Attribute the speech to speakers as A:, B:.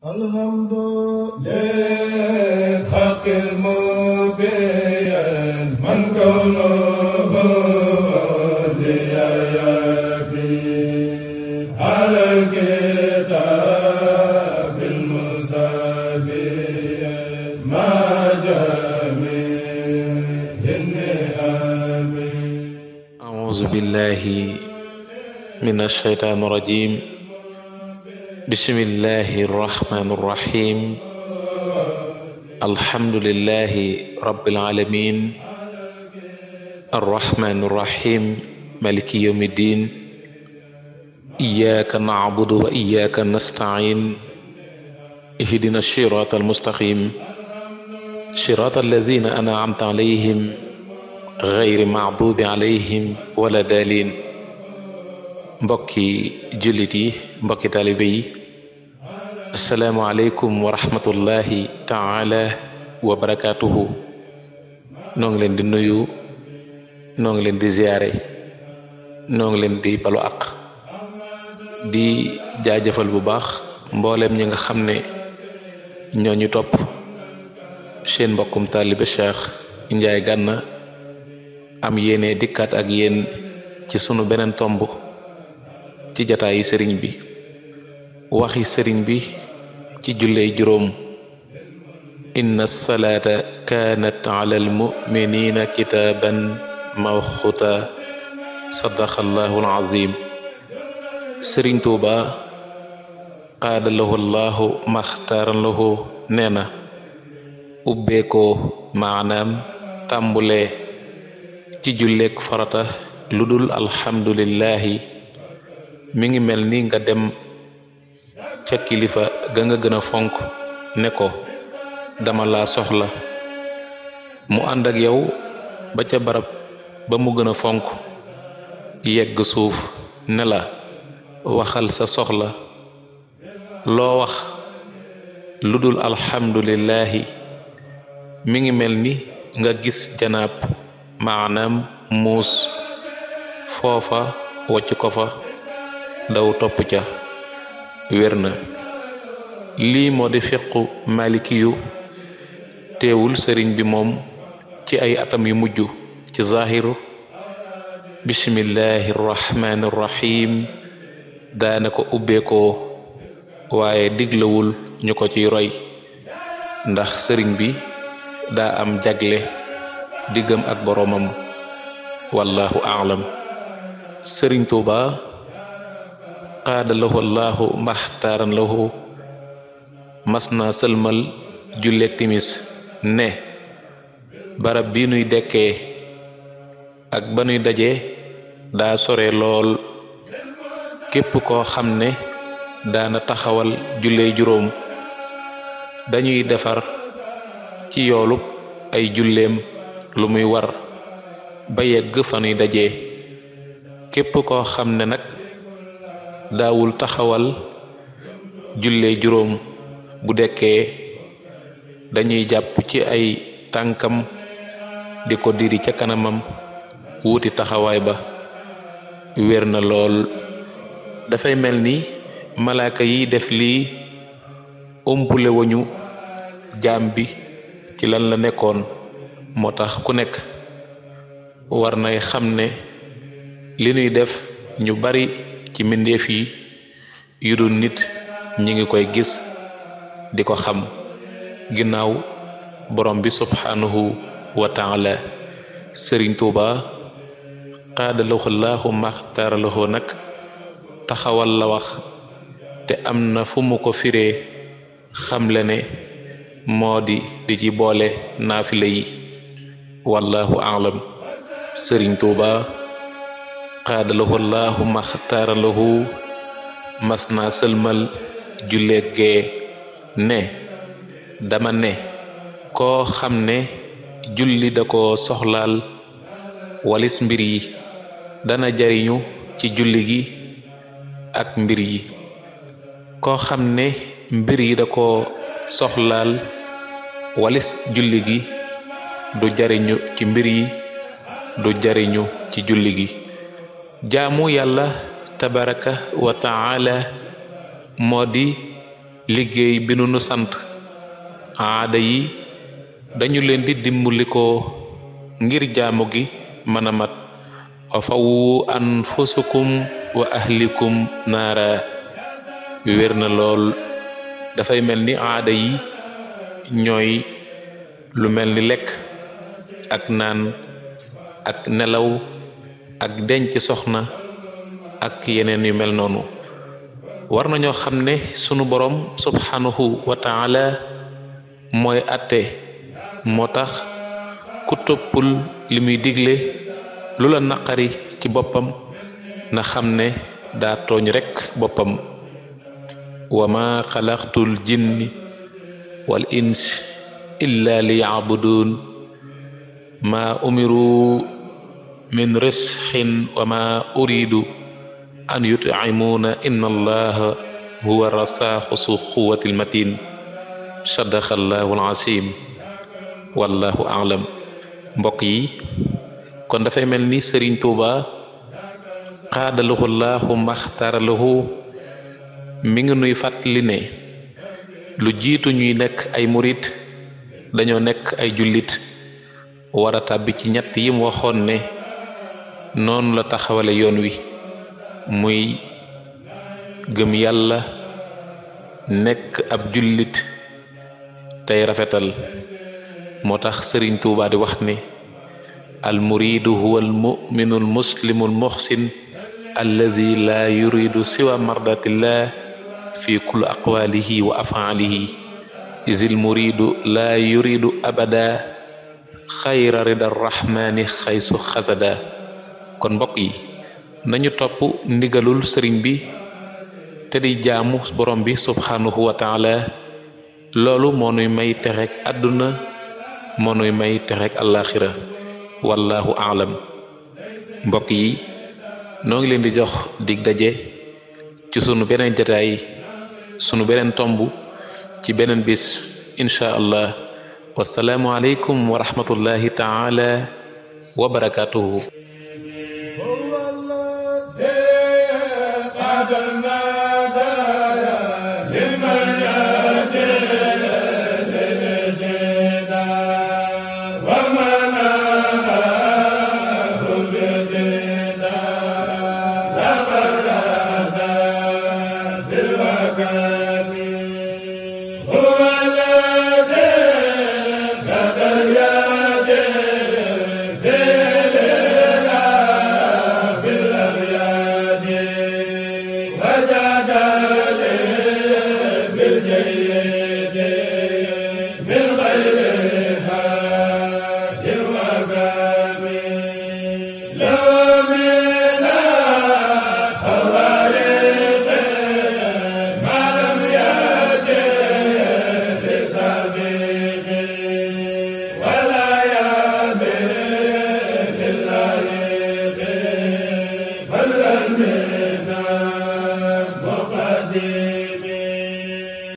A: الحمد للحق المبين من كونه ليبي على الكتاب المستبين ما جميع النعم أعوذ بالله من الشيطان الرجيم bismillahi irrahmani irrahim alhamdulilahi rabilalamin arrahmani irrahim maliki yawmi ddin iyaka nacbudu wa iyaka nastacin ihdina siraat almustaqim siraat alladina ancamta calayhim gayri macdubi calayhim wala daalin mbokki jullit yi mbokki taalibe yi asalaamualeykum wa rahmatullahi taala wa barakaatuhu noo ngi leen di nuyu noo ngi leen di ziyaare noo ngi leen di balu ak di jaajëfal bu baax mboolem ñi nga xam ne ñooñu topp seen mbokkum taalibe Cheikh Ndiaye Gana am yéene dikkat ak yéen ci sunu beneen tomb ci jataayu sëriñ bi waxi sëriñ bi ci julley juróom inna salaata kaanat ala almuminina kitaaban mawxuta sadaqallahu alazim sëriñ tuuba qaada lahu lahu nee na ubbeekoo maanaam tàmbulee ci julleek farata lu dul alxamdulillahi mi ngi mel ni nga dem ca kilifa ga nga gën a fonk ne ko dama laa soxla mu ànd ak yow ba ca barab ba mu gën a fonk yegg suuf ne la waxal sa soxla loo wax lu dul alxamdulillaahi mi ngi mel ni nga gis janaab maanaam muus foofa wocc ko fa ndaw topp ca wér na lii moo di fiqu malikiyu teewul sëriñ bi moom ci ay atam yu mujj ci zaahiru bismillahi rahmaani rahim ko ubbeekoo waaye diglawul ñu ko ciy roy ndax sëriñ bi daa am jagle diggam ak boroomam wallahu aalam sëriñ Tuuba qaada lahu allahu maxtaaran lahu mas na sëlmal julle timis ne barab bi nuy dekkee ak ba nuy dajee daa sore lool képp koo xam ne daana taxawal julle juróom dañuy defar ci yoolub ay julleem lu muy war ba yegg fa nuy dajee képp koo xam ne nag daawul taxawal jullee juróom bu dekkee dañuy jàpp ci ay tànkam di ko diri ca kanamam wuuti taxawaay ba wér na lool dafay mel ni malaaka yiy def lii umpule wuñu jaam bi ci lan la nekkoon moo tax ku nekk war nay xam ne li nuy def ñu bari ci mbindeef yi yu dul nit ñi ngi koy gis di ko xam ginnaaw borom bi subhaanahu wa taala sëriñ tuuba xaadalaxu laaxu maxtaaralaxoo nag taxawal la wax te am na fu mu ko firee xamle ne moo di di ci boole naafile yi wallaahu alam sëriñ tuuba xaadalahu allahuma xtaaralahu mas na sëlmal julleggee ne dama ne koo xam ne julli da ko soxlaal walis mbir yi dana jariñu ci julli gi ak mbir yi koo xam ne mbir yi da ko soxlaal walis julli gi du jariñu ci mbir yi du jariñu ci julli gi jaamu yàlla tabaraka wa taala moo di liggéey bi nu nu sant aada yi dañu leen di dimbalikoo ngir jaamu gi mën a mat wa fawu anfusukum wa ahlikum naara wér na lool dafay mel ni aada yi ñooy lu mel ni lekk ak naan ak nelaw ak denc soxna ak yeneen yu mel noonu war nañoo xam ne sunu borom subhanahu wa mooy ate moo tax ku toppul li muy digle lu la naqari ci boppam na xam ne daa tooñ rekk boppam wa ma xalaqtul jinni wal ins illa li yaabudun ma umiru min risxin wa ma uridu an yutcimuuna inna allaha huwa rasaaxu su quwati almatin sadaqa allahu alacim wallahu mbokk yi kon dafay mel ni sëriñ tuuba xaadaluhu laahu maxtaraluhu mi ngi nuy fàttali ne lu jiitu ñuy nekk ay murit dañoo nekk ay jullit war a ci ñett yim waxoon ne noonu la taxawale yoon wi muy gëm yàlla nekk ab jullit tey rafetal moo tax sëriñ tuubaa wax ni al muridu huwa al muminu al muslimu al muxsin alladi laa yuridu siwa mardatillah fi kulli aqwaalihi wa afaalihi isil muridu laa yuridu abada xayra rida arrahmani xaysu xasada kon mbokk yi nañu topp ndigalul sëriñ bi te di jaamu borom bi subxanahu wa taala loolu moo nuy may texeek àdduna moo nuy may texeek àllaaxira wallaahu aalam mbokk yi noo ngi leen di jox dig daje ci sunu beneen jataay sunu beneen tomb ci beneen bis incha allah wasalaamu aleykum wa rahmatullahi wa barakaatuhu Amen.